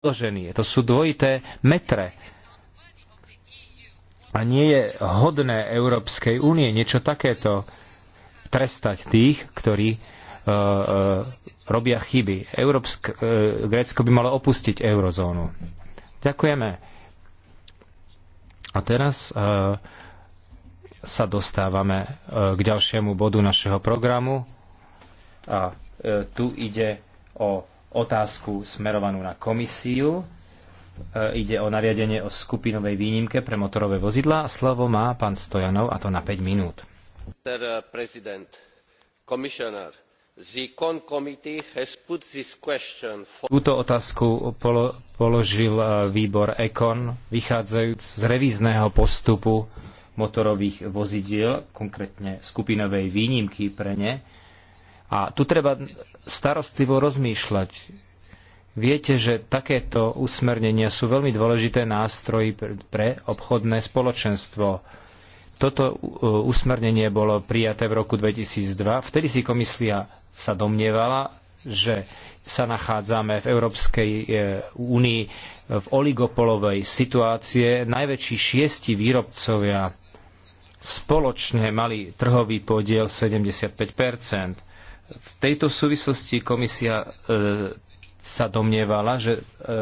odloženie. To sú dvojité metre. A nie je hodné Európskej únie niečo takéto trestať tých, ktorí uh, uh, robia chyby. Európsk, uh, Grécko by malo opustiť eurozónu. Ďakujeme. A teraz uh, sa dostávame uh, k ďalšiemu bodu našeho programu. A uh, tu ide o otázku smerovanú na komisiu. E, ide o nariadenie o skupinovej výnimke pre motorové vozidlá. Slovo má pán Stojanov a to na 5 minút. Eh, Túto otázku položil eh, výbor ECON, vychádzajúc z revízneho postupu motorových vozidiel, konkrétne skupinovej výnimky pre ne, a tu treba starostlivo rozmýšľať. Viete, že takéto usmernenia sú veľmi dôležité nástroji pre obchodné spoločenstvo. Toto uh, usmernenie bolo prijaté v roku 2002. Vtedy si komisia sa domnievala, že sa nachádzame v Európskej uh, únii v oligopolovej situácie. Najväčší šiesti výrobcovia spoločne mali trhový podiel 75 v tejto súvislosti komisia e, sa domnievala, že e,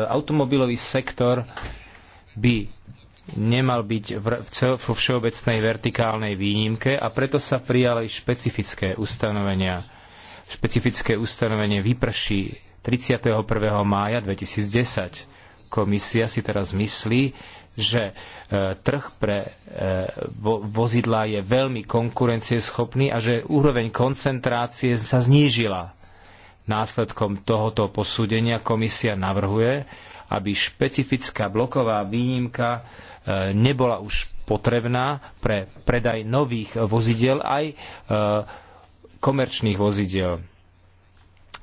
automobilový sektor by nemal byť vo všeobecnej vertikálnej výnimke a preto sa prijali špecifické ustanovenia. Špecifické ustanovenie vyprší 31. mája 2010. Komisia si teraz myslí, že e, trh pre e, vozidlá je veľmi konkurencieschopný a že úroveň koncentrácie sa znížila. Následkom tohoto posúdenia komisia navrhuje, aby špecifická bloková výnimka e, nebola už potrebná pre predaj nových vozidiel aj komerčných vozidiel.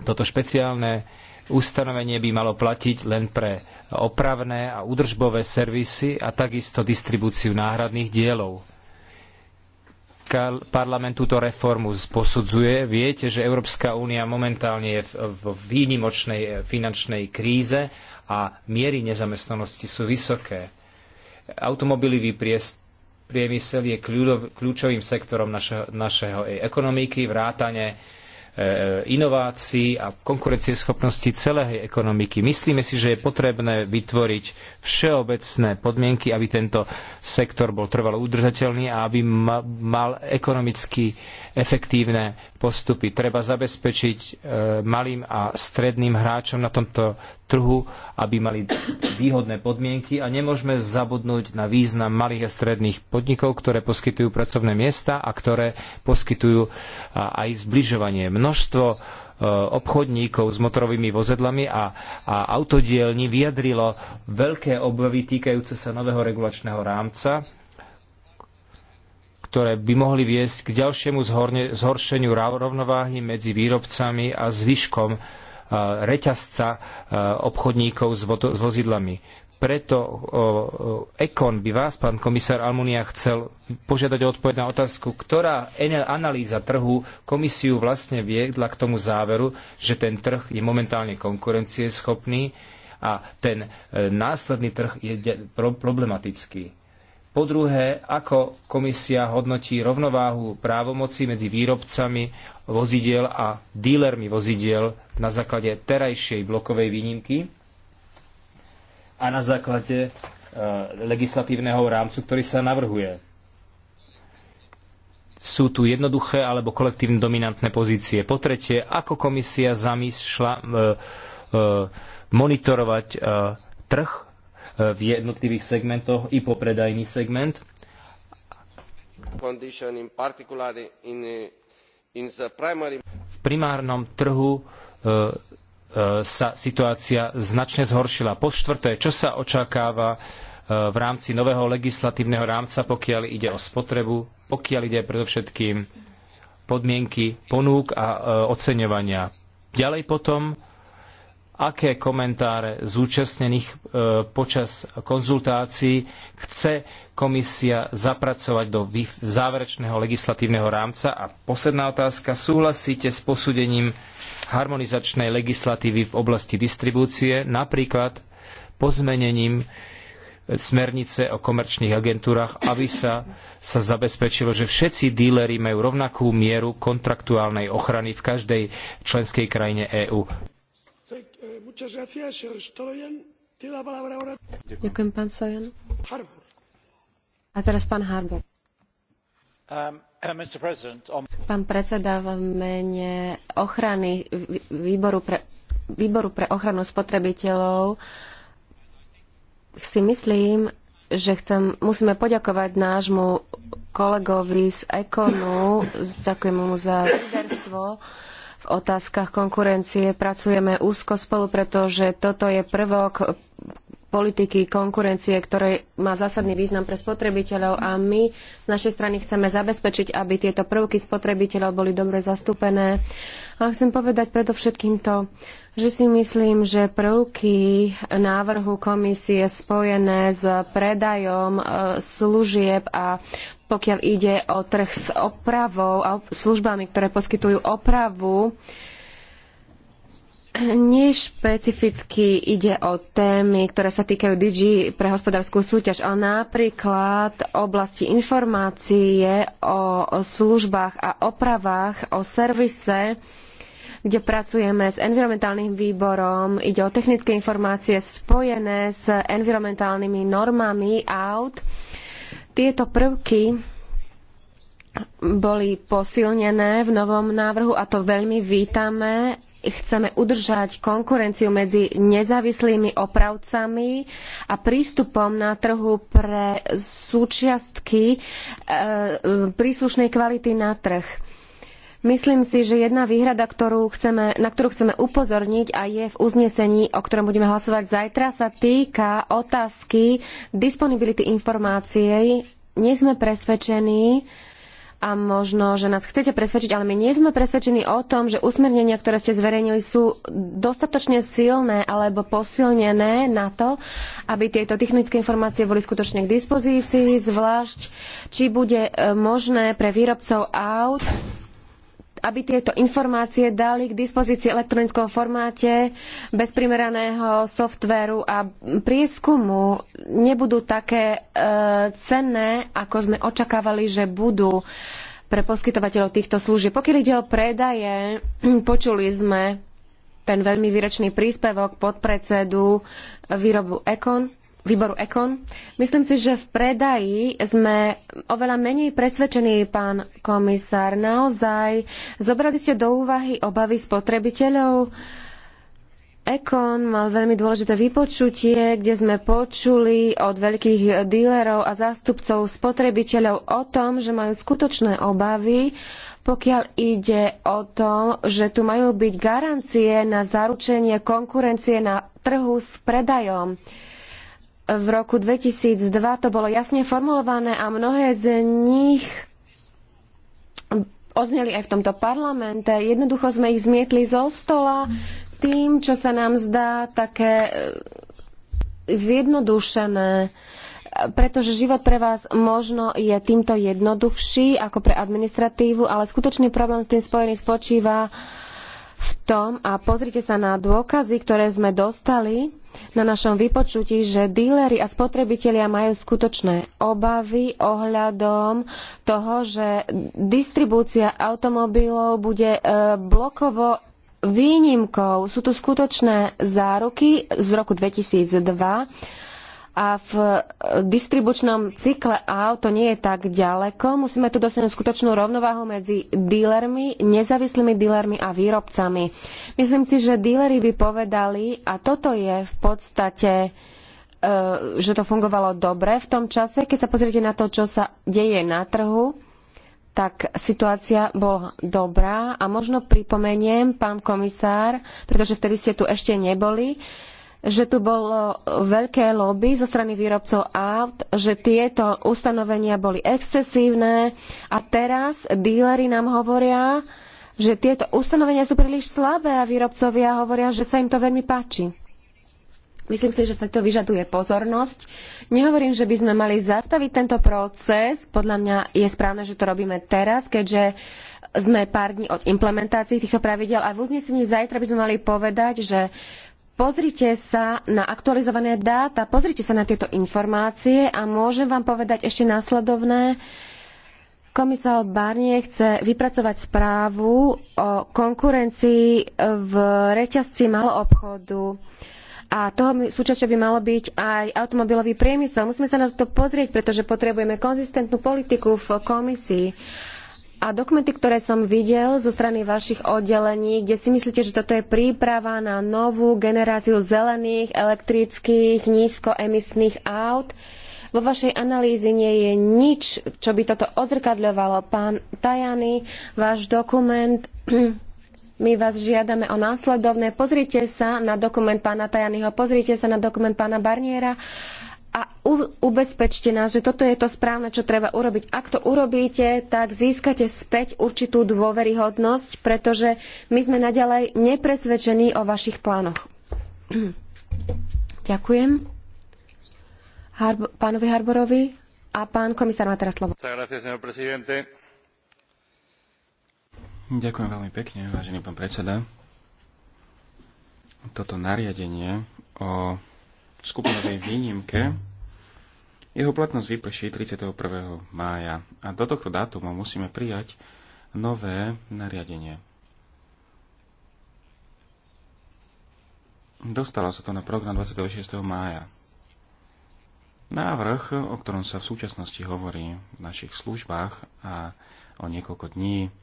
Toto špeciálne Ustanovenie by malo platiť len pre opravné a údržbové servisy a takisto distribúciu náhradných dielov. Parlament túto reformu posudzuje. Viete, že Európska únia momentálne je v výnimočnej eh, finančnej kríze a miery nezamestnanosti sú vysoké. Automobilový priemysel je kľúčovým sektorom našeho, našeho ekonomiky, vrátane Eh, inovácií a konkurencieschopnosti celej ekonomiky. Myslíme si, že je potrebné vytvoriť všeobecné podmienky, aby tento sektor bol trvalo udržateľný a aby mal ekonomicky efektívne postupy. Treba zabezpečiť eh, malým a stredným hráčom na tomto trhu, aby mali výhodné podmienky a nemôžeme zabudnúť na význam malých a stredných podnikov, ktoré poskytujú pracovné miesta a ktoré poskytujú eh, aj zbližovanie množstvo e, obchodníkov s motorovými vozidlami a, a autodielni vyjadrilo veľké obavy týkajúce sa nového regulačného rámca, ktoré by mohli viesť k ďalšiemu zhorne, zhoršeniu rovnováhy medzi výrobcami a zvyškom e, reťazca e, obchodníkov s, s vozidlami. Preto Ekon by vás, pán komisár Almunia, chcel požiadať o odpoveď na otázku, ktorá analýza trhu komisiu vlastne viedla k tomu záveru, že ten trh je momentálne konkurencieschopný a ten e, následný trh je problematický. Po druhé, ako komisia hodnotí rovnováhu právomoci medzi výrobcami vozidiel a dílermi vozidiel na základe terajšej blokovej výnimky a na základe e, legislatívneho rámcu, ktorý sa navrhuje. Sú tu jednoduché alebo kolektívne dominantné pozície. Po tretie, ako komisia zamýšľa e, e, monitorovať trh v jednotlivých segmentoch i popredajný segment. V primárnom trhu E, sa situácia značne zhoršila. Po štvrté, čo sa očakáva e, v rámci nového legislatívneho rámca, pokiaľ ide o spotrebu, pokiaľ ide predovšetkým podmienky ponúk a e, oceňovania. Ďalej potom aké komentáre zúčastnených e, počas konzultácií chce komisia zapracovať do záverečného legislatívneho rámca. A posledná otázka. Súhlasíte s posúdením harmonizačnej legislatívy v oblasti distribúcie, napríklad pozmenením smernice o komerčných agentúrach, aby sa, sa zabezpečilo, že všetci díleri majú rovnakú mieru kontraktuálnej ochrany v každej členskej krajine EÚ. Ďakujem, pán Sojan. A teraz pán Harbour. Um, uh, pán predseda, v mene ochrany výboru pre, výboru pre ochranu spotrebiteľov si myslím, že chcem, musíme poďakovať nášmu kolegovi z Ekonu, ďakujem mu za líderstvo, v otázkach konkurencie pracujeme úzko spolu, pretože toto je prvok politiky konkurencie, ktoré má zásadný význam pre spotrebiteľov a my z našej strany chceme zabezpečiť, aby tieto prvky spotrebiteľov boli dobre zastúpené. A chcem povedať predovšetkým to, že si myslím, že prvky návrhu komisie spojené s predajom e, služieb a pokiaľ ide o trh s opravou a službami, ktoré poskytujú opravu, nešpecificky ide o témy, ktoré sa týkajú DG pre hospodárskú súťaž, ale napríklad oblasti informácie o, o službách a opravách, o servise, kde pracujeme s environmentálnym výborom. Ide o technické informácie spojené s environmentálnymi normami aut tieto prvky boli posilnené v novom návrhu a to veľmi vítame. Chceme udržať konkurenciu medzi nezávislými opravcami a prístupom na trhu pre súčiastky e, príslušnej kvality na trh. Myslím si, že jedna výhrada, ktorú chceme, na ktorú chceme upozorniť a je v uznesení, o ktorom budeme hlasovať zajtra, sa týka otázky disponibility informácie. Nie sme presvedčení, a možno, že nás chcete presvedčiť, ale my nie sme presvedčení o tom, že usmernenia, ktoré ste zverejnili, sú dostatočne silné alebo posilnené na to, aby tieto technické informácie boli skutočne k dispozícii, zvlášť či bude e, možné pre výrobcov aut aby tieto informácie dali k dispozícii v elektronickom formáte bez primeraného softvéru a prieskumu nebudú také e, cenné, ako sme očakávali, že budú pre poskytovateľov týchto služieb. Pokiaľ ide o predaje, počuli sme ten veľmi výrečný príspevok podpredsedu výrobu Econ výboru Ekon. Myslím si, že v predaji sme oveľa menej presvedčení, pán komisár. Naozaj zobrali ste do úvahy obavy spotrebiteľov. Ekon mal veľmi dôležité vypočutie, kde sme počuli od veľkých dílerov a zástupcov spotrebiteľov o tom, že majú skutočné obavy, pokiaľ ide o to, že tu majú byť garancie na zaručenie konkurencie na trhu s predajom. Uh, v roku 2002 to bolo jasne formulované a mnohé z nich ozneli aj v tomto parlamente. Jednoducho sme ich zmietli zo stola tým, čo sa nám zdá také e, zjednodušené, pretože život pre vás možno je týmto jednoduchší ako pre administratívu, ale skutočný problém s tým spojený spočíva uh, v tom, a pozrite sa na dôkazy, ktoré sme dostali na našom vypočutí, že díleri a spotrebitelia majú skutočné obavy ohľadom toho, že distribúcia automobilov bude e, blokovo výnimkou. Sú tu skutočné záruky z roku 2002 a v e, distribučnom cykle aut to nie je tak ďaleko. Musíme tu dosiahnuť skutočnú rovnováhu medzi dílermi, nezávislými dílermi a výrobcami. Myslím si, že díleri by povedali, a toto je v podstate e, že to fungovalo dobre v tom čase. Keď sa pozriete na to, čo sa deje na trhu, tak situácia bola dobrá. A možno pripomeniem, pán komisár, pretože vtedy ste tu ešte neboli, že tu bolo veľké lobby zo strany výrobcov aut, že tieto ustanovenia boli excesívne a teraz díleri nám hovoria, že tieto ustanovenia sú príliš slabé a výrobcovia hovoria, že sa im to veľmi páči. Myslím si, že sa to vyžaduje pozornosť. Nehovorím, že by sme mali zastaviť tento proces. Podľa mňa je správne, že to robíme teraz, keďže sme pár dní od implementácií týchto pravidiel a v uznesení zajtra by sme mali povedať, že Pozrite sa na aktualizované dáta, pozrite sa na tieto informácie a môžem vám povedať ešte následovné. Komisár Barnier chce vypracovať správu o konkurencii v reťazci maloobchodu. A toho súčasťou by malo byť aj automobilový priemysel. Musíme sa na to pozrieť, pretože potrebujeme konzistentnú politiku v komisii. A dokumenty, ktoré som videl zo strany vašich oddelení, kde si myslíte, že toto je príprava na novú generáciu zelených, elektrických, nízkoemisných aut, vo vašej analýze nie je nič, čo by toto odzrkadľovalo. Pán Tajany, váš dokument, my vás žiadame o následovné. Pozrite sa na dokument pána Tajanyho, pozrite sa na dokument pána Barniera a ubezpečte nás, že toto je to správne, čo treba urobiť. Ak to urobíte, tak získate späť určitú dôveryhodnosť, pretože my sme naďalej nepresvedčení o vašich plánoch. Ďakujem. Harbo, pánovi Harborovi a pán komisár má teraz slovo. Ďakujem veľmi pekne, vážený pán predseda. Toto nariadenie o skupinovej výnimke. Jeho platnosť vyprší 31. mája a do tohto dátumu musíme prijať nové nariadenie. Dostalo sa to na program 26. mája. Návrh, o ktorom sa v súčasnosti hovorí v našich službách a o niekoľko dní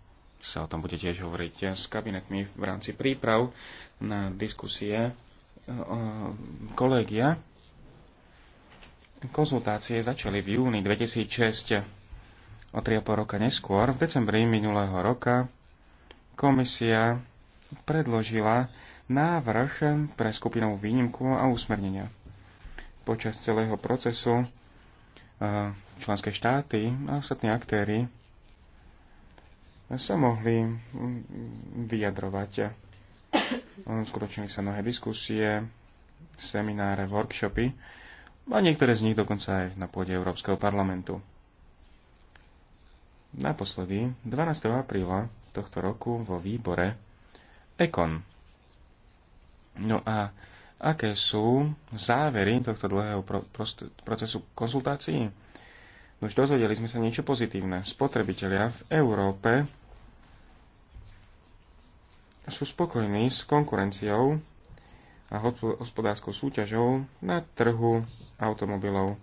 sa o tom bude tiež hovoriť s kabinetmi v rámci príprav na diskusie Eh, kolégia konzultácie začali v júni 2006 o 3,5 roka neskôr. V decembri minulého roka komisia predložila návrh pre skupinovú výnimku a usmernenia. Počas celého procesu eh, členské štáty a ostatní aktéry sa mohli vyjadrovať Skutočnili sa mnohé diskusie, semináre, workshopy a niektoré z nich dokonca aj na pôde Európskeho parlamentu. Naposledy 12. apríla tohto roku vo výbore Ekon. No a aké sú závery tohto dlhého pro- procesu konzultácií? No už dozvedeli sme sa niečo pozitívne. Spotrebitelia v Európe sú spokojní s konkurenciou a hospodárskou súťažou na trhu automobilov.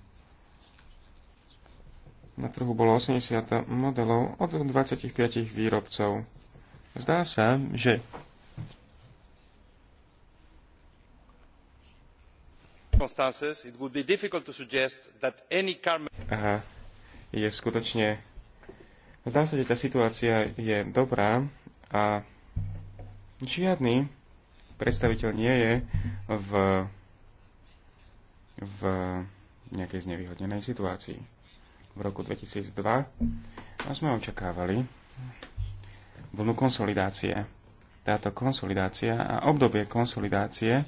Na trhu bolo 80 modelov od 25 výrobcov. Zdá sa, že Aha, je skutočne... Zdá sa, že tá situácia je dobrá a Žiadny predstaviteľ nie je v, v nejakej znevýhodnenej situácii. V roku 2002 sme očakávali vlnu konsolidácie. Táto konsolidácia a obdobie konsolidácie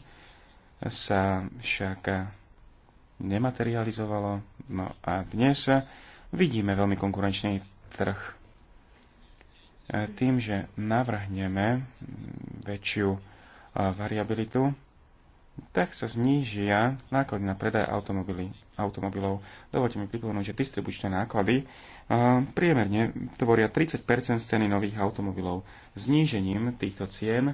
sa však nematerializovalo. No a dnes vidíme veľmi konkurenčný trh E, tým, že navrhneme väčšiu e, variabilitu, tak sa znížia náklady na predaj automobily, automobilov. Dovolte mi pripomenúť, že distribučné náklady e, priemerne tvoria 30 z ceny nových automobilov. Znížením týchto cien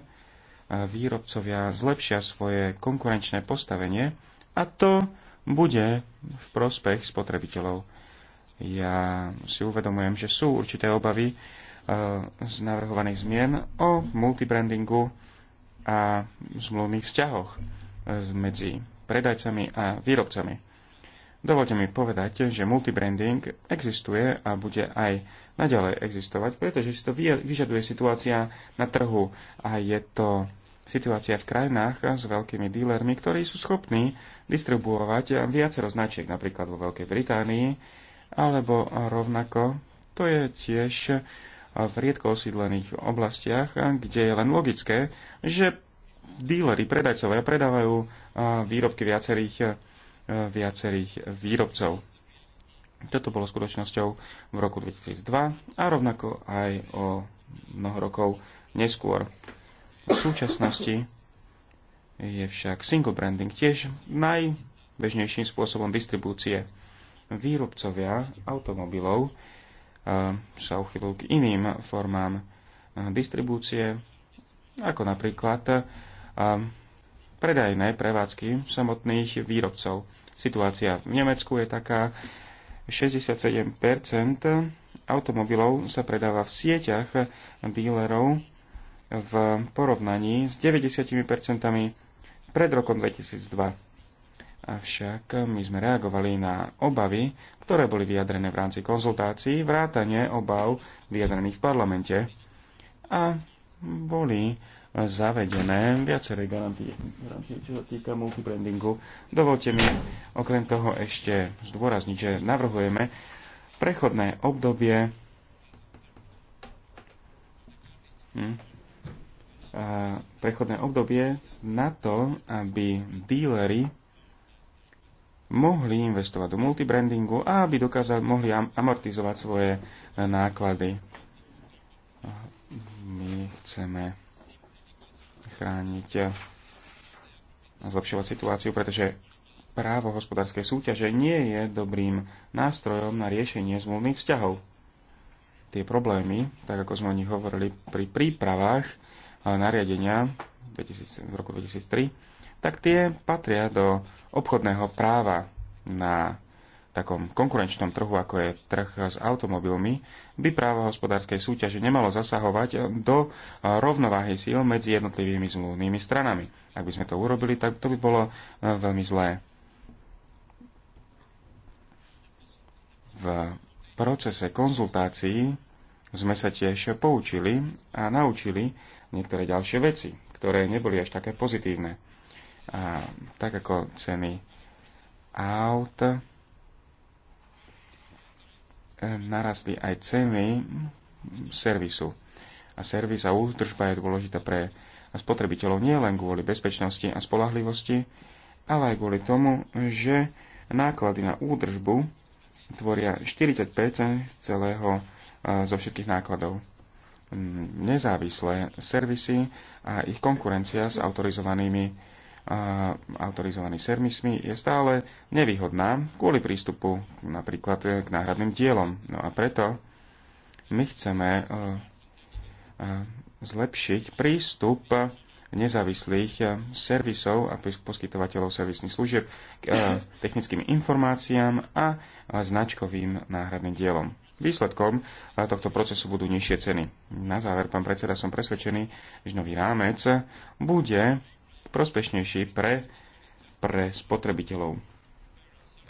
výrobcovia zlepšia svoje konkurenčné postavenie a to bude v prospech spotrebiteľov. Ja si uvedomujem, že sú určité obavy E, z navrhovaných zmien o multibrandingu a zmluvných vzťahoch e, medzi predajcami a výrobcami. Dovolte mi povedať, že multibranding existuje a bude aj naďalej existovať, pretože si to vyžaduje situácia na trhu a je to situácia v krajinách s veľkými dílermi, ktorí sú schopní distribuovať viacero značiek, napríklad vo Veľkej Británii, alebo rovnako to je tiež v riedko osídlených oblastiach, kde je len logické, že díleri, predajcovia predávajú výrobky viacerých, viacerých výrobcov. Toto bolo skutočnosťou v roku 2002 a rovnako aj o mnoho rokov neskôr. V súčasnosti je však single branding tiež najbežnejším spôsobom distribúcie. Výrobcovia automobilov sa uchylil k iným formám distribúcie, ako napríklad predajné prevádzky samotných výrobcov. Situácia v Nemecku je taká, 67 automobilov sa predáva v sieťach dílerov v porovnaní s 90 pred rokom 2002. Avšak my sme reagovali na obavy, ktoré boli vyjadrené v rámci konzultácií, vrátane obav vyjadrených v parlamente a boli zavedené viaceré garantie v rámci, čo sa týka multibrandingu. Dovolte mi okrem toho ešte zdôrazniť, že navrhujeme prechodné obdobie hm, prechodné obdobie na to, aby díleri mohli investovať do multibrandingu a aby dokázali, mohli amortizovať svoje eh, náklady. My chceme chrániť eh, a zlepšovať situáciu, pretože právo hospodárskej súťaže nie je dobrým nástrojom na riešenie zmluvných vzťahov. Tie problémy, tak ako sme o nich hovorili pri prípravách eh, nariadenia v roku 2003, tak tie patria do obchodného práva na takom konkurenčnom trhu, ako je trh s automobilmi, by právo hospodárskej súťaže nemalo zasahovať do rovnováhy síl medzi jednotlivými zmluvnými stranami. Ak by sme to urobili, tak to by bolo e, veľmi zlé. V procese konzultácií sme sa tiež poučili a naučili niektoré ďalšie veci, ktoré neboli až také pozitívne a, tak ako ceny aut, e, narastli aj ceny servisu. A servis a údržba je dôležitá pre spotrebiteľov nie len kvôli bezpečnosti a spolahlivosti, ale aj kvôli tomu, že náklady na údržbu tvoria 40 z celého e, zo všetkých nákladov. Nezávislé servisy a ich konkurencia s autorizovanými autorizovaný servismi je stále nevýhodná kvôli prístupu napríklad e, k náhradným dielom. No a preto my chceme e, e, zlepšiť prístup nezávislých servisov a poskytovateľov servisných služieb k technickým informáciám a značkovým náhradným dielom. Výsledkom tohto procesu budú nižšie ceny. Na záver, pán predseda, som presvedčený, že nový rámec bude prospešnejší pre, pre spotrebiteľov.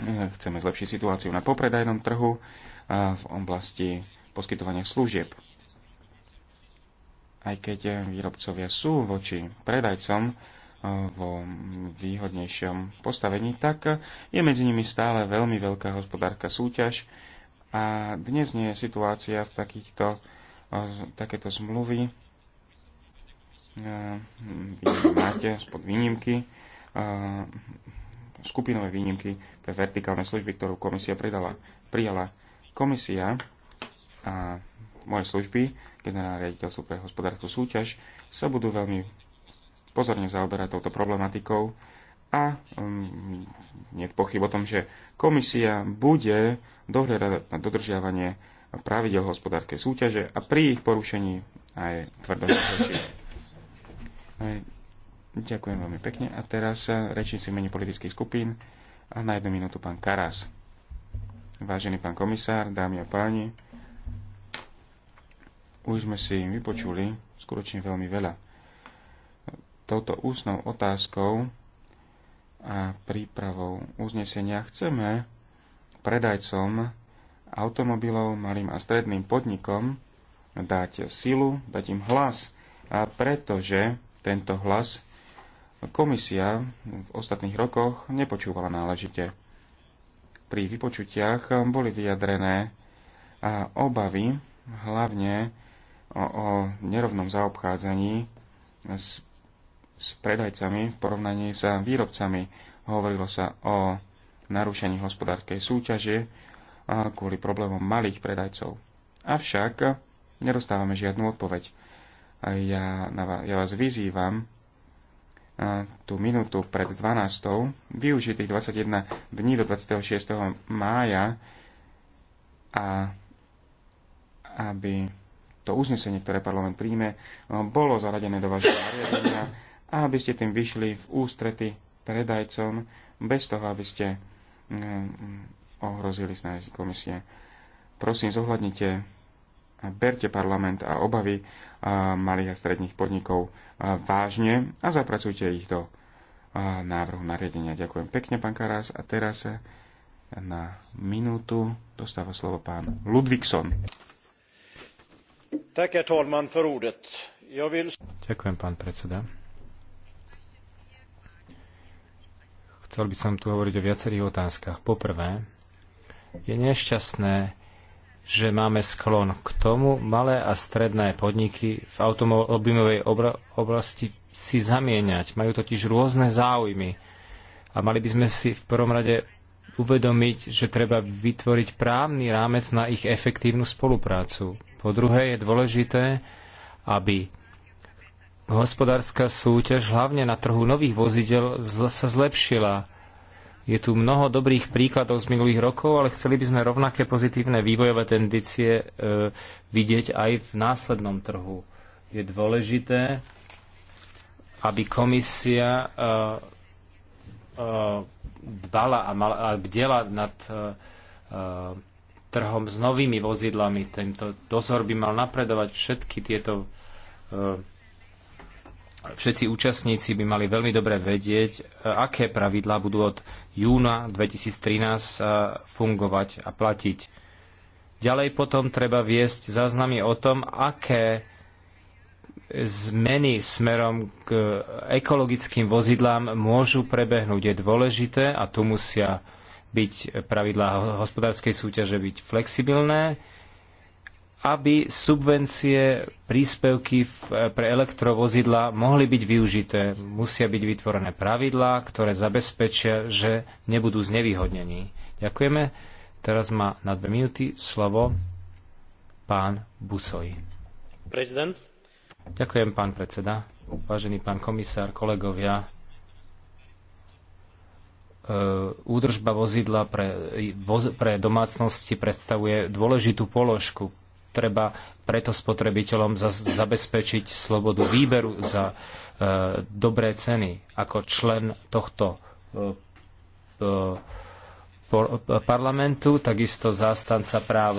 Eh, chceme zlepšiť situáciu na popredajnom trhu eh, v oblasti poskytovania služieb. Aj keď eh, výrobcovia sú voči predajcom vo výhodnejšom postavení, tak je medzi nimi stále veľmi veľká hospodárka súťaž a dnes nie je situácia v takýchto, takéto zmluvy Ehm, máte spod výnimky, ehm, skupinové výnimky pre vertikálne služby, ktorú komisia pridala, prijala. Komisia a moje služby, generálne riaditeľstvo pre hospodárskú súťaž, sa budú veľmi pozorne zaoberať touto problematikou a um, nie pochyb o tom, že komisia bude dohľadať na dodržiavanie pravidel hospodárskej súťaže a pri ich porušení aj tvrdo Ďakujem veľmi pekne. A teraz eh, rečníci meni politických skupín a na jednu minútu pán Karas. Vážený pán komisár, dámy a páni, už sme si vypočuli skutočne veľmi veľa. Touto ústnou otázkou a prípravou uznesenia chceme predajcom automobilov, malým a stredným podnikom dať silu, dať im hlas, a pretože tento hlas komisia v ostatných rokoch nepočúvala náležite. Pri vypočutiach boli vyjadrené obavy hlavne o, o nerovnom zaobchádzaní s, s predajcami v porovnaní sa výrobcami. Hovorilo sa o narušení hospodárskej súťaže kvôli problémom malých predajcov. Avšak nedostávame žiadnu odpoveď ja, ja vás vyzývam na tú minútu pred 12. využiť tých 21 dní do 26. mája a aby to uznesenie, ktoré parlament príjme, bolo zaradené do vašho nariadenia a aby ste tým vyšli v ústrety predajcom bez toho, aby ste mm, mm, ohrozili snahy komisie. Prosím, zohľadnite berte parlament a obavy malých a stredných podnikov vážne a zapracujte ich do návrhu nariadenia. Ďakujem pekne, pán Karas. A teraz na minútu dostáva slovo pán Ludvíkson. Ďakujem, pán predseda. Chcel by som tu hovoriť o viacerých otázkach. Poprvé, je nešťastné, že máme sklon k tomu, malé a stredné podniky v automobilovej oblasti si zamieňať. Majú totiž rôzne záujmy. A mali by sme si v prvom rade uvedomiť, že treba vytvoriť právny rámec na ich efektívnu spoluprácu. Po druhé je dôležité, aby hospodárska súťaž hlavne na trhu nových vozidel sa zlepšila je tu mnoho dobrých príkladov z minulých rokov, ale chceli by sme rovnaké pozitívne vývojové tendície e, vidieť aj v následnom trhu. Je dôležité, aby komisia e, e, dbala a, mal, a bdela nad e, e, trhom s novými vozidlami. Tento dozor by mal napredovať všetky tieto e, všetci účastníci by mali veľmi dobre vedieť, e, aké pravidlá budú od júna 2013 e, fungovať a platiť. Ďalej potom treba viesť záznamy o tom, aké zmeny smerom k ekologickým vozidlám môžu prebehnúť. Je dôležité a tu musia byť pravidlá hospodárskej súťaže byť flexibilné, aby subvencie, príspevky pre elektrovozidla mohli byť využité. Musia byť vytvorené pravidlá, ktoré zabezpečia, že nebudú znevýhodnení. Ďakujeme. Teraz má na dve minúty slovo pán Busoj. Prezident. Ďakujem, pán predseda. Vážený pán komisár, kolegovia. E, údržba vozidla pre, pre domácnosti predstavuje dôležitú položku treba preto spotrebiteľom zabezpečiť slobodu výberu za e, dobré ceny. Ako člen tohto e, e, parlamentu, takisto zástanca práv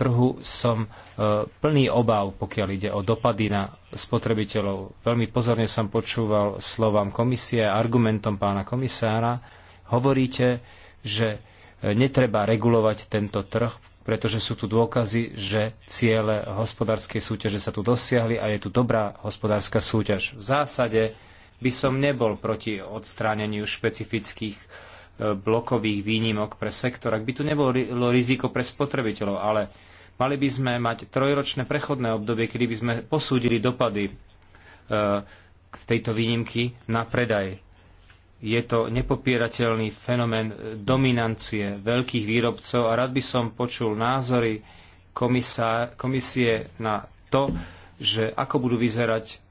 trhu som plný obáv, pokiaľ ide o dopady na spotrebiteľov. Veľmi pozorne som počúval slovám komisie a argumentom pána komisára. Hovoríte, že netreba regulovať tento trh, pretože sú tu dôkazy, že ciele hospodárskej súťaže sa tu dosiahli a je tu dobrá hospodárska súťaž. V zásade by som nebol proti odstráneniu špecifických e, blokových výnimok pre sektor, ak by tu nebolo riziko pre spotrebiteľov, ale mali by sme mať trojročné prechodné obdobie, kedy by sme posúdili dopady e, z tejto výnimky na predaj je to nepopierateľný fenomén dominancie veľkých výrobcov a rád by som počul názory komisár, komisie na to, že ako budú vyzerať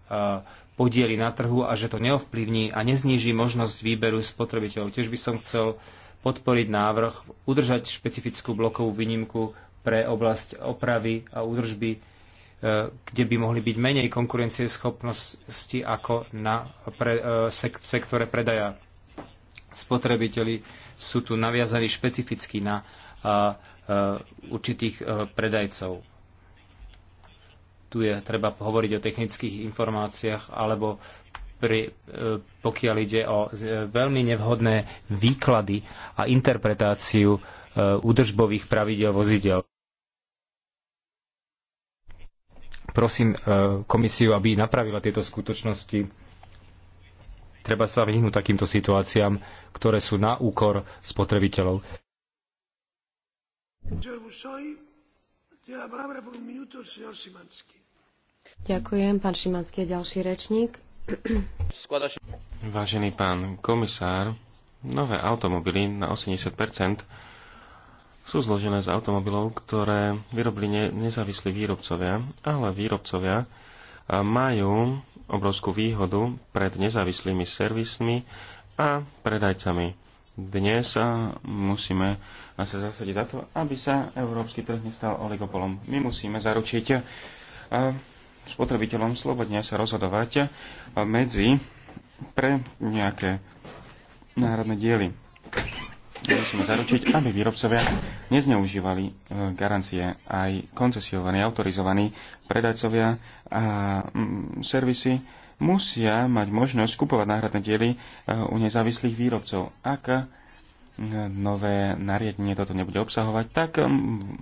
podiely na trhu a že to neovplyvní a nezníži možnosť výberu spotrebiteľov. Tiež by som chcel podporiť návrh udržať špecifickú blokovú výnimku pre oblasť opravy a údržby E, kde by mohli byť menej konkurencieschopnosti ako na, pre, e, sek, v sektore predaja. Spotrebiteli sú tu naviazaní špecificky na e, určitých predajcov. Tu je treba hovoriť o technických informáciách alebo pri, pokiaľ ide o veľmi nevhodné výklady a interpretáciu údržbových pravidel vozidel. Prosím e, komisiu, aby napravila tieto skutočnosti. Treba sa vyhnúť takýmto situáciám, ktoré sú na úkor spotrebiteľov. Ďakujem, pán Šimanský je ďalší rečník. Vážený pán komisár, nové automobily na 80 sú zložené z automobilov, ktoré vyrobili nezávislí výrobcovia, ale výrobcovia majú obrovskú výhodu pred nezávislými servismi a predajcami. Dnes musíme sa zasadiť za to, aby sa európsky trh nestal oligopolom. My musíme zaručiť spotrebiteľom slobodne sa rozhodovať medzi pre nejaké národné diely musíme zaručiť, aby výrobcovia nezneužívali e, garancie. Aj koncesiovaní, autorizovaní predajcovia a servisy musia mať možnosť kupovať náhradné diely e, u nezávislých výrobcov. Ak e, nové nariadenie toto nebude obsahovať, tak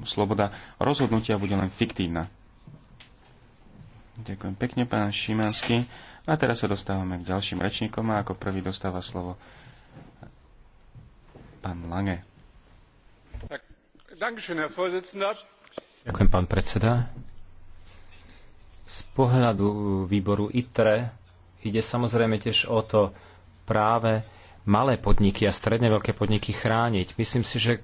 sloboda rozhodnutia bude len fiktívna. Ďakujem pekne, pán Šimanský. A teraz sa dostávame k ďalším rečníkom a ako prvý dostáva slovo Pán Lange. Ďakujem, pán predseda. Z pohľadu výboru ITRE ide samozrejme tiež o to práve malé podniky a stredne veľké podniky chrániť. Myslím si, že e,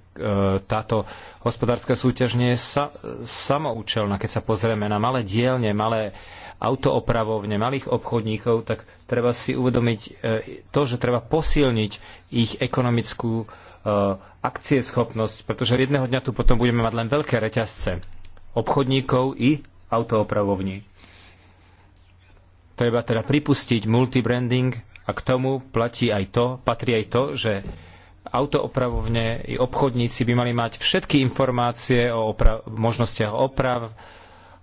táto hospodárska súťaž nie je sa, samoučelná, keď sa pozrieme na malé dielne, malé autoopravovne, malých obchodníkov, tak treba si uvedomiť e, to, že treba posilniť ich ekonomickú e, akcieschopnosť, pretože jedného dňa tu potom budeme mať len veľké reťazce obchodníkov i autoopravovní. Treba teda pripustiť multibranding a k tomu platí aj to, patrí aj to, že autoopravovne i obchodníci by mali mať všetky informácie o opra- možnostiach oprav,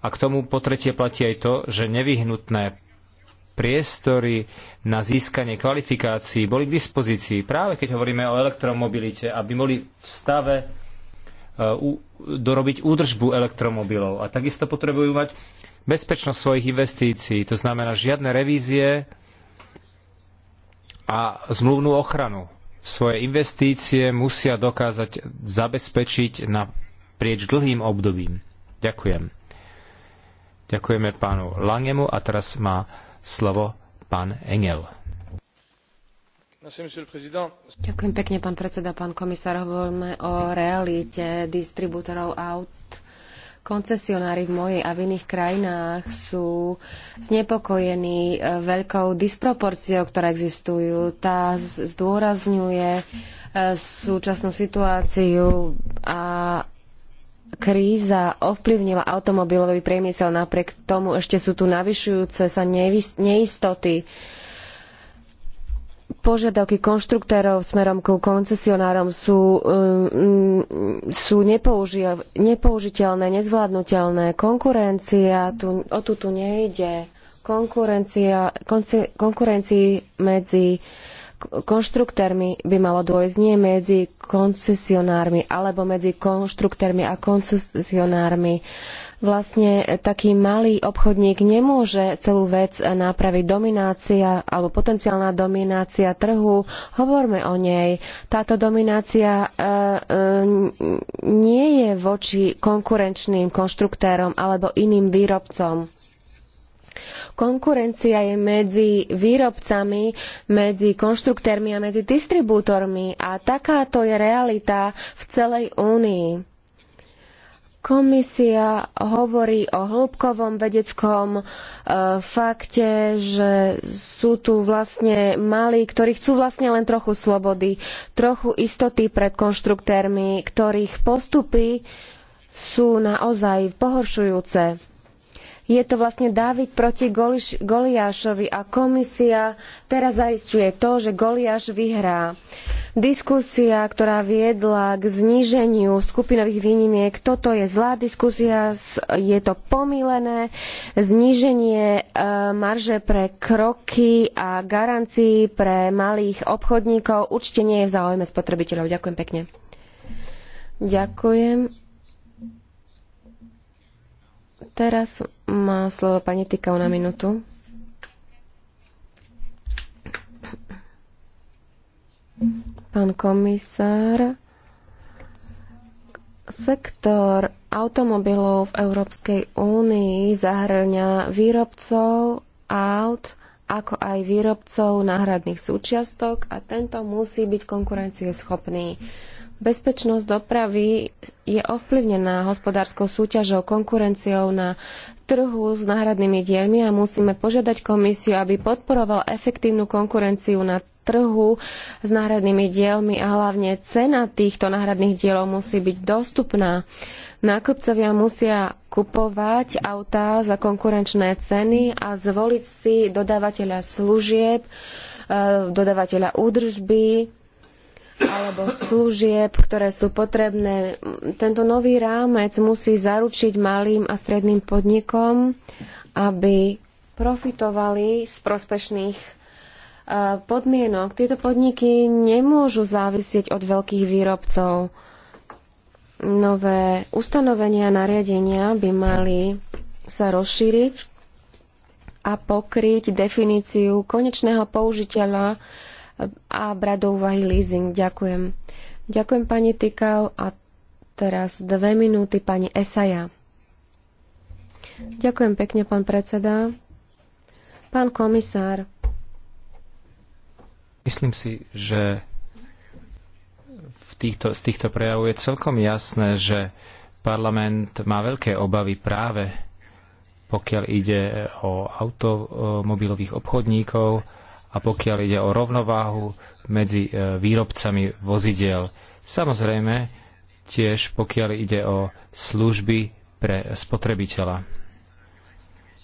a k tomu po tretie platí aj to, že nevyhnutné priestory na získanie kvalifikácií boli k dispozícii práve keď hovoríme o elektromobilite, aby boli v stave e, dorobiť údržbu elektromobilov. A takisto potrebujú mať bezpečnosť svojich investícií, to znamená žiadne revízie a zmluvnú ochranu. Svoje investície musia dokázať zabezpečiť naprieč dlhým obdobím. Ďakujem. Ďakujeme pánu Langemu a teraz má slovo pán Engel. Ďakujem pekne, pán predseda, pán komisár. Hovoríme o realite distribútorov aut. Koncesionári v mojej a v iných krajinách sú znepokojení eh, veľkou disproporciou, ktorá existujú. Tá zdôrazňuje eh, súčasnú situáciu a kríza ovplyvnila automobilový priemysel, napriek tomu ešte sú tu navyšujúce sa neistoty požiadavky konštruktérov smerom ku koncesionárom sú, um, sú nepoužia, nepoužiteľné, nezvládnutelné. Konkurencia, tu, o tu tu nejde. Konkurencia, konci, konkurencii medzi konštruktérmi by malo dôjsť nie medzi koncesionármi alebo medzi konštruktérmi a koncesionármi. Vlastne taký malý obchodník nemôže celú vec napraviť dominácia alebo potenciálna dominácia trhu. Hovorme o nej. Táto dominácia e, e, nie je voči konkurenčným konštruktérom alebo iným výrobcom konkurencia je medzi výrobcami, medzi konštruktérmi a medzi distribútormi a takáto je realita v celej únii. Komisia hovorí o hĺbkovom vedeckom e, fakte, že sú tu vlastne malí, ktorí chcú vlastne len trochu slobody, trochu istoty pred konštruktérmi, ktorých postupy sú naozaj pohoršujúce. Je to vlastne Dávid proti Goliš, Goliášovi a komisia teraz zaistuje to, že Goliáš vyhrá. Diskusia, ktorá viedla k zníženiu skupinových výnimiek, toto je zlá diskusia, je to pomílené. Zníženie e, marže pre kroky a garancií pre malých obchodníkov určite nie je v záujme spotrebiteľov. Ďakujem pekne. Ďakujem. Teraz má slovo pani Tykau na minútu. Pán komisár, sektor automobilov v Európskej únii zahrňa výrobcov aut, ako aj výrobcov náhradných súčiastok a tento musí byť konkurencieschopný. Bezpečnosť dopravy je ovplyvnená hospodárskou súťažou, konkurenciou na trhu s náhradnými dielmi a musíme požiadať komisiu, aby podporoval efektívnu konkurenciu na trhu s náhradnými dielmi a hlavne cena týchto náhradných dielov musí byť dostupná. Nákupcovia musia kupovať autá za konkurenčné ceny a zvoliť si dodávateľa služieb, eh, dodávateľa údržby, alebo služieb, ktoré sú potrebné. Tento nový rámec musí zaručiť malým a stredným podnikom, aby profitovali z prospešných e, podmienok. Tieto podniky nemôžu závisieť od veľkých výrobcov. Nové ustanovenia a nariadenia by mali sa rozšíriť a pokryť definíciu konečného použiteľa a brať do úvahy leasing. Ďakujem. Ďakujem pani Tykal a teraz dve minúty pani Esaja. Ďakujem pekne, pán predseda. Pán komisár. Myslím si, že v týchto, z týchto prejavov je celkom jasné, že parlament má veľké obavy práve pokiaľ ide o automobilových obchodníkov, a pokiaľ ide o rovnováhu medzi e, výrobcami vozidiel. Samozrejme, tiež pokiaľ ide o služby pre spotrebiteľa.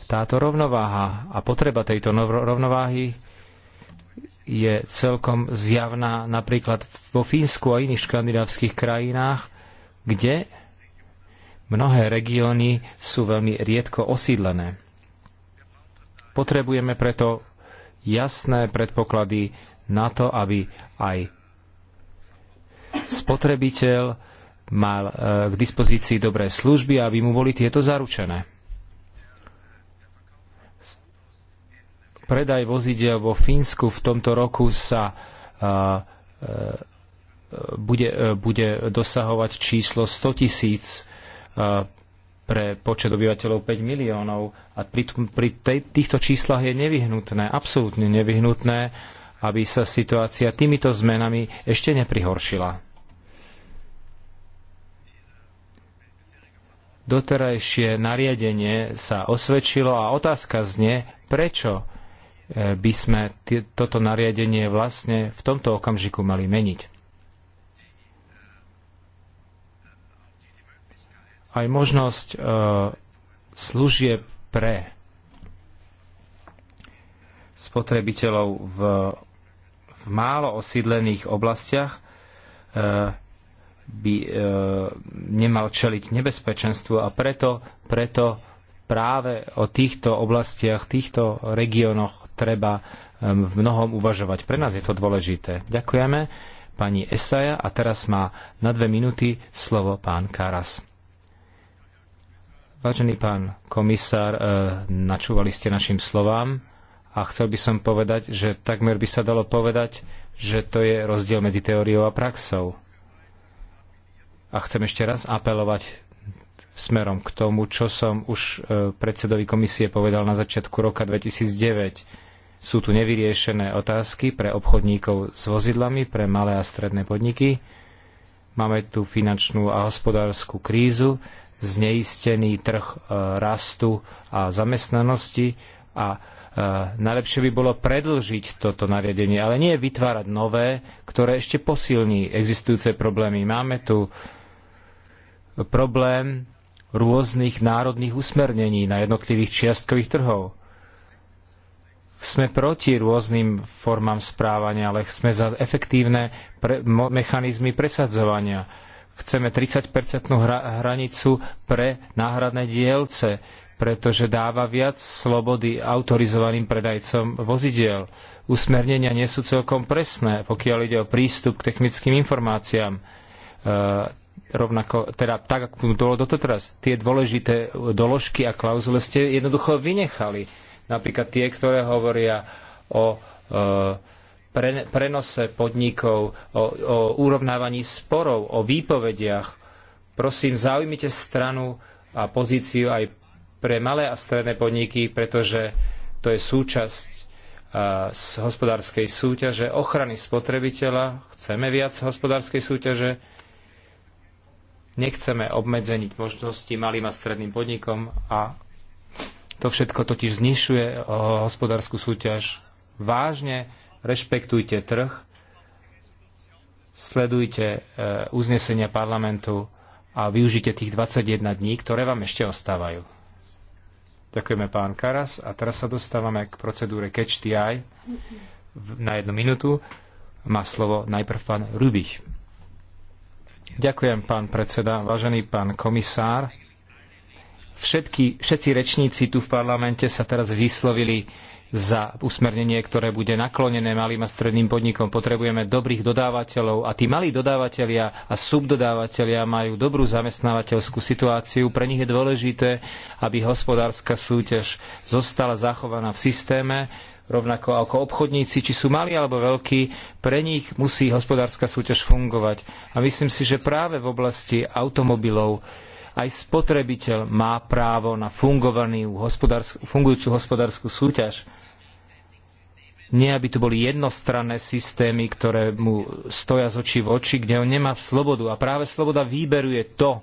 Táto rovnováha a potreba tejto rovnováhy je celkom zjavná napríklad vo Fínsku a iných škandinávskych krajinách, kde mnohé regióny sú veľmi riedko osídlené. Potrebujeme preto jasné predpoklady na to, aby aj spotrebiteľ mal e, k dispozícii dobré služby, aby mu boli tieto zaručené. Predaj vozidiel vo Fínsku v tomto roku sa e, e, bude, bude dosahovať číslo 100 tisíc pre počet obyvateľov 5 miliónov. A pri, pri tej, týchto číslach je nevyhnutné, absolútne nevyhnutné, aby sa situácia týmito zmenami ešte neprihoršila. Doterajšie nariadenie sa osvedčilo a otázka znie, prečo eh, by sme toto nariadenie vlastne v tomto okamžiku mali meniť. aj možnosť e, služieb pre spotrebiteľov v, v málo osídlených oblastiach e, by e, nemal čeliť nebezpečenstvu a preto, preto práve o týchto oblastiach, týchto regiónoch treba e, v mnohom uvažovať. Pre nás je to dôležité. Ďakujeme pani Esaja a teraz má na dve minúty slovo pán Karas. Vážený pán komisár, e, načúvali ste našim slovám a chcel by som povedať, že takmer by sa dalo povedať, že to je rozdiel medzi teóriou a praxou. A chcem ešte raz apelovať smerom k tomu, čo som už e, predsedovi komisie povedal na začiatku roka 2009. Sú tu nevyriešené otázky pre obchodníkov s vozidlami, pre malé a stredné podniky. Máme tu finančnú a hospodárskú krízu, zneistený trh e, rastu a zamestnanosti a e, najlepšie by bolo predlžiť toto nariadenie, ale nie vytvárať nové, ktoré ešte posilní existujúce problémy. Máme tu problém rôznych národných usmernení na jednotlivých čiastkových trhov. Sme proti rôznym formám správania, ale sme za efektívne pre mechanizmy presadzovania Chceme 30-percentnú hranicu pre náhradné dielce, pretože dáva viac slobody autorizovaným predajcom vozidiel. Usmernenia nie sú celkom presné, pokiaľ ide o prístup k technickým informáciám. E, rovnako, teda tak, ako bolo doteraz, tie dôležité doložky a klauzule ste jednoducho vynechali. Napríklad tie, ktoré hovoria o e, pre, prenose podnikov, o, o urovnávaní sporov, o výpovediach. Prosím, zaujmite stranu a pozíciu aj pre malé a stredné podniky, pretože to je súčasť z hospodárskej súťaže, ochrany spotrebiteľa, chceme viac hospodárskej súťaže, nechceme obmedzeniť možnosti malým a stredným podnikom a to všetko totiž znišuje hospodárskú súťaž vážne rešpektujte trh, sledujte e, uznesenia parlamentu a využite tých 21 dní, ktoré vám ešte ostávajú. Ďakujeme pán Karas a teraz sa dostávame k procedúre Catch the Eye na jednu minútu. Má slovo najprv pán Rubich. Ďakujem, pán predseda, vážený pán komisár. Všetky, všetci rečníci tu v parlamente sa teraz vyslovili za usmernenie, ktoré bude naklonené malým a stredným podnikom. Potrebujeme dobrých dodávateľov a tí malí dodávateľia a subdodávateľia majú dobrú zamestnávateľskú situáciu. Pre nich je dôležité, aby hospodárska súťaž zostala zachovaná v systéme, rovnako ako obchodníci, či sú malí alebo veľkí, pre nich musí hospodárska súťaž fungovať. A myslím si, že práve v oblasti automobilov aj spotrebiteľ má právo na hospodársk fungujúcu hospodárskú súťaž. Nie, aby tu boli jednostranné systémy, ktoré mu stoja z očí v oči, kde on nemá slobodu. A práve sloboda výberu je to,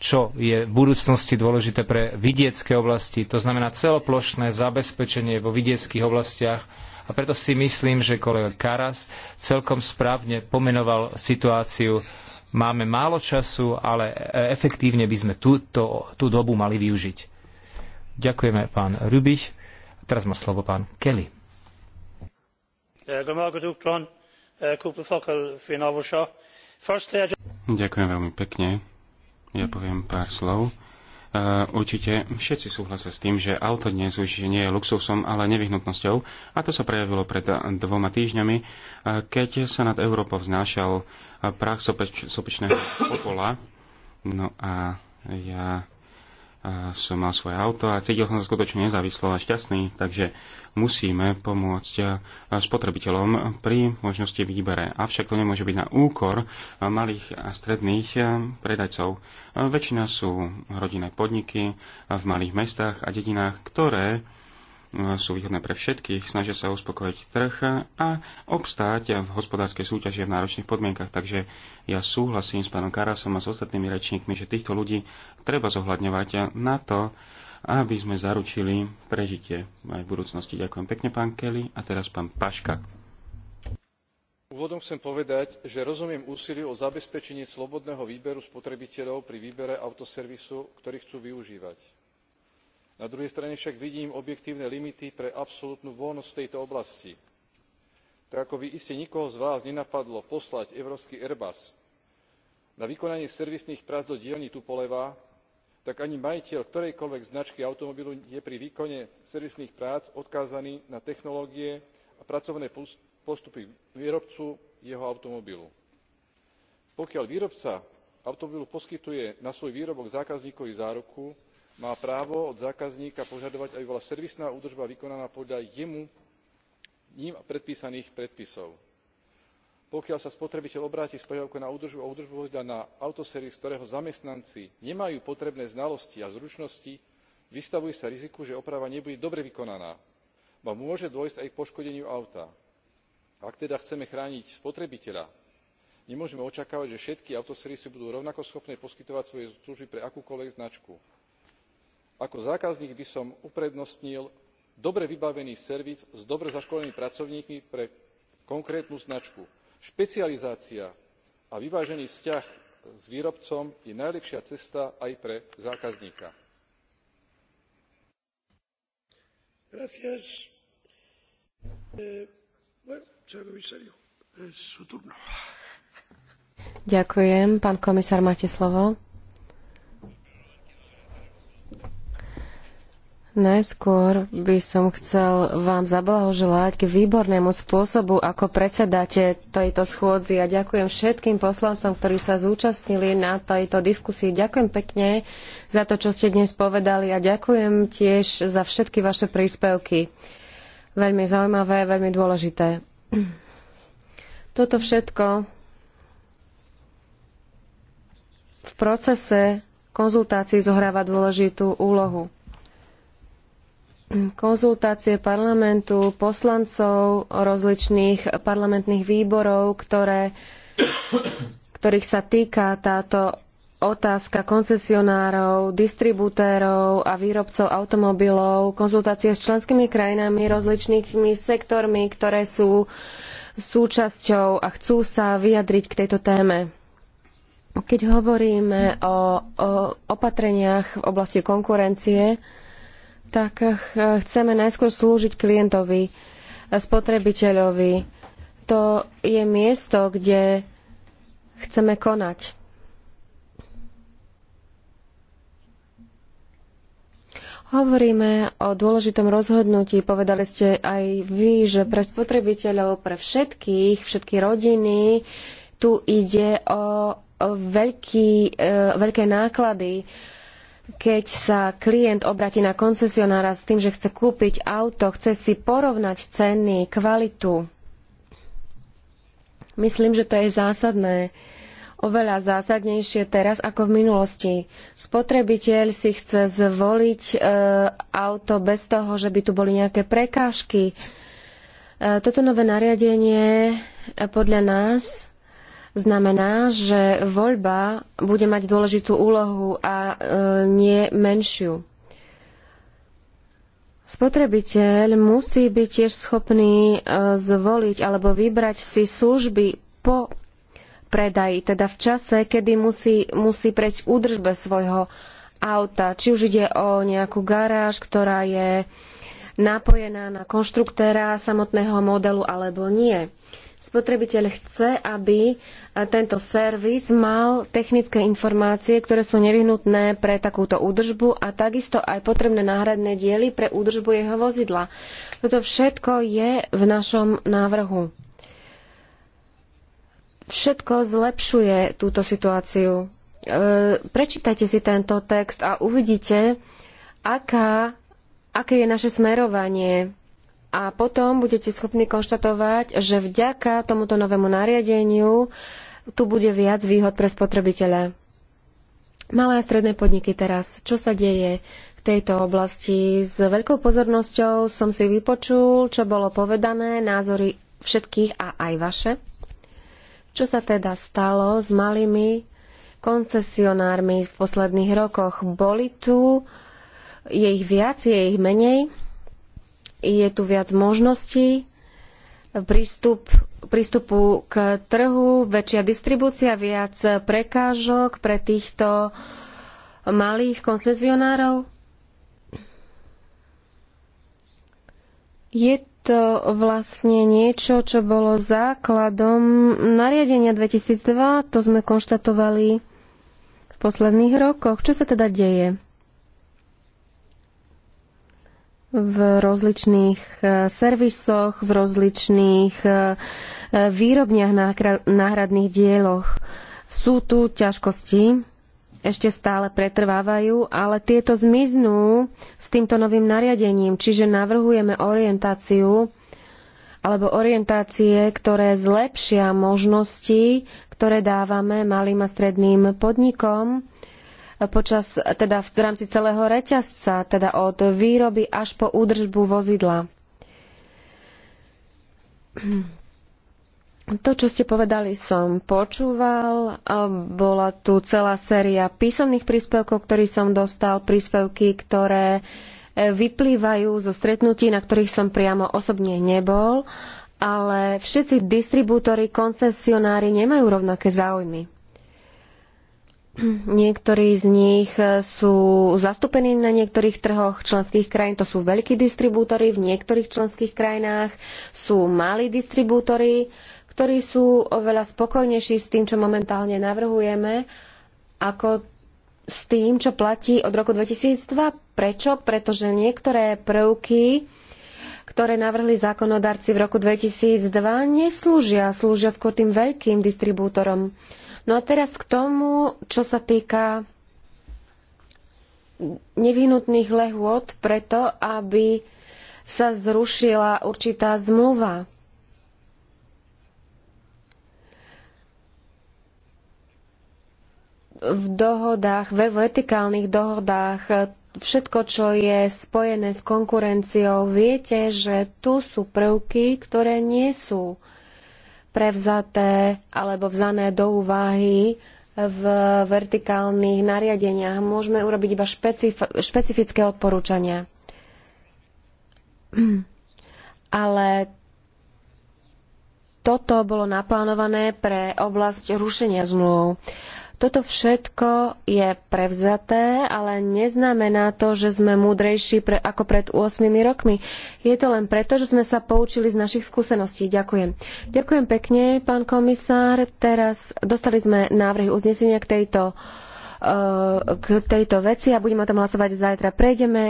čo je v budúcnosti dôležité pre vidiecké oblasti. To znamená celoplošné zabezpečenie vo vidieckých oblastiach. A preto si myslím, že kolega Karas celkom správne pomenoval situáciu Máme málo času, ale e, efektívne by sme tú, to, tú dobu mali využiť. Ďakujeme pán Rubich. Teraz má slovo pán Kelly. Ďakujem veľmi pekne. Ja poviem pár slov. Uh, určite všetci súhlasia s tým, že auto dnes už nie je luxusom, ale nevyhnutnosťou. A to sa prejavilo pred dvoma týždňami, e, keď sa nad Európou vznášal prach sopeč, sopečného popola. No a ja som mal svoje auto a cítil som sa skutočne nezávislo a šťastný, takže musíme pomôcť spotrebiteľom pri možnosti výbere. Avšak to nemôže byť na úkor malých a stredných predajcov. Väčšina sú rodinné podniky v malých mestách a dedinách, ktoré sú výhodné pre všetkých, snažia sa uspokojiť trh a obstáť v hospodárskej súťaži v náročných podmienkach. Takže ja súhlasím s pánom Karasom a s ostatnými rečníkmi, že týchto ľudí treba zohľadňovať na to, aby sme zaručili prežitie aj v budúcnosti. Ďakujem pekne, pán Kelly. A teraz pán Paška. Úvodom chcem povedať, že rozumiem úsiliu o zabezpečenie slobodného výberu spotrebiteľov pri výbere autoservisu, ktorý chcú využívať na druhej strane však vidím objektívne limity pre absolútnu voľnosť v tejto oblasti. tak ako by iste nikoho z vás nenapadlo poslať európsky airbus na vykonanie servisných prác do dielne tupoľeva tak ani majiteľ ktorejkoľvek značky automobilu je pri výkone servisných prác odkázaný na technológie a pracovné postupy výrobcu jeho automobilu. pokiaľ výrobca automobilu poskytuje na svoj výrobok zákazníkovi záruku má právo od zákazníka požadovať aby bola servisná údržba vykonaná podľa ním predpísaných predpisov. pokiaľ sa spotrebiteľ obráti s požiadavkou na údržbu a údržbu vozidla na autoservis ktorého zamestnanci nemajú potrebné znalosti a zručnosti vystavuje sa riziku že oprava nebude dobre vykonaná ba môže dôjsť aj k poškodeniu auta. ak teda chceme chrániť spotrebiteľa nemôžeme očakávať že všetky autoservisy budú rovnako schopné poskytovať svoje služby pre akúkoľvek značku ako zákazník by som uprednostnil dobre vybavený servis s dobre zaškolenými pracovníkmi pre konkrétnu značku. špecializácia a vyvážený vzťah s výrobcom je najlepšia cesta aj pre zákazníka. Eh, Ďakujem. Pán komisár, Najskôr by som chcel vám zablahoželať k výbornému spôsobu, ako predsedáte tejto schôdzi a ďakujem všetkým poslancom, ktorí sa zúčastnili na tejto diskusii. Ďakujem pekne za to, čo ste dnes povedali a ďakujem tiež za všetky vaše príspevky. Veľmi zaujímavé, veľmi dôležité. Toto všetko v procese konzultácií zohráva dôležitú úlohu konzultácie parlamentu, poslancov rozličných parlamentných výborov, ktoré, ktorých sa týka táto otázka koncesionárov, distributérov a výrobcov automobilov, konzultácie s členskými krajinami, rozličnými sektormi, ktoré sú súčasťou a chcú sa vyjadriť k tejto téme. Keď hovoríme o, o opatreniach v oblasti konkurencie, tak chceme najskôr slúžiť klientovi, spotrebiteľovi. To je miesto, kde chceme konať. Hovoríme o dôležitom rozhodnutí. Povedali ste aj vy, že pre spotrebiteľov, pre všetkých, všetky rodiny, tu ide o veľký, e, veľké náklady keď sa klient obratí na koncesionára s tým, že chce kúpiť auto, chce si porovnať ceny, kvalitu. Myslím, že to je zásadné. Oveľa zásadnejšie teraz ako v minulosti. Spotrebiteľ si chce zvoliť e, auto bez toho, že by tu boli nejaké prekážky. E, toto nové nariadenie e, podľa nás znamená, že voľba bude mať dôležitú úlohu a e, nie menšiu. Spotrebiteľ musí byť tiež schopný e, zvoliť alebo vybrať si služby po predaji, teda v čase, kedy musí, musí prejsť údržbe svojho auta. Či už ide o nejakú garáž, ktorá je napojená na konštruktéra samotného modelu alebo nie. Spotrebiteľ chce, aby e, tento servis mal technické informácie, ktoré sú nevyhnutné pre takúto údržbu a takisto aj potrebné náhradné diely pre údržbu jeho vozidla. Toto všetko je v našom návrhu. Všetko zlepšuje túto situáciu. E, prečítajte si tento text a uvidíte, aká, aké je naše smerovanie a potom budete schopní konštatovať, že vďaka tomuto novému nariadeniu tu bude viac výhod pre spotrebiteľa. Malé a stredné podniky teraz. Čo sa deje v tejto oblasti? S veľkou pozornosťou som si vypočul, čo bolo povedané, názory všetkých a aj vaše. Čo sa teda stalo s malými koncesionármi v posledných rokoch? Boli tu? Je ich viac, je ich menej? je tu viac možností prístup, prístupu k trhu, väčšia distribúcia, viac prekážok pre týchto malých koncesionárov? Je to vlastne niečo, čo bolo základom nariadenia 2002, to sme konštatovali v posledných rokoch. Čo sa teda deje? v rozličných e, servisoch, v rozličných e, e, výrobniach náhradných dieloch. Sú tu ťažkosti, ešte stále pretrvávajú, ale tieto zmiznú s týmto novým nariadením, čiže navrhujeme orientáciu alebo orientácie, ktoré zlepšia možnosti, ktoré dávame malým a stredným podnikom, počas, teda v rámci celého reťazca, teda od výroby až po údržbu vozidla. To, čo ste povedali, som počúval. Bola tu celá séria písomných príspevkov, ktorý som dostal, príspevky, ktoré e, vyplývajú zo stretnutí, na ktorých som priamo osobne nebol, ale všetci distribútori, koncesionári nemajú rovnaké záujmy. Niektorí z nich eh, sú zastúpení na niektorých trhoch členských krajín, to sú veľkí distribútory, v niektorých členských krajinách sú malí distribútory, ktorí sú oveľa spokojnejší s tým, čo momentálne navrhujeme, ako s tým, čo platí od roku 2002. Prečo? Pretože niektoré prvky, ktoré navrhli zákonodarci v roku 2002, neslúžia, slúžia skôr tým veľkým distribútorom. No a teraz k tomu, čo sa týka nevyhnutných lehôd preto, aby sa zrušila určitá zmluva. V dohodách, v etikálnych dohodách, všetko, čo je spojené s konkurenciou, viete, že tu sú prvky, ktoré nie sú prevzaté alebo vzané do úvahy v vertikálnych nariadeniach. Môžeme urobiť iba špecif- špecifické odporúčania. Ale toto bolo naplánované pre oblasť rušenia zmluv. Toto všetko je prevzaté, ale neznamená to, že sme múdrejší pre, ako pred 8 rokmi. Je to len preto, že sme sa poučili z našich skúseností. Ďakujem. Ďakujem pekne, pán komisár. Teraz dostali sme návrhy uznesenia k tejto eh, k tejto veci a budeme o tom hlasovať zajtra. Prejdeme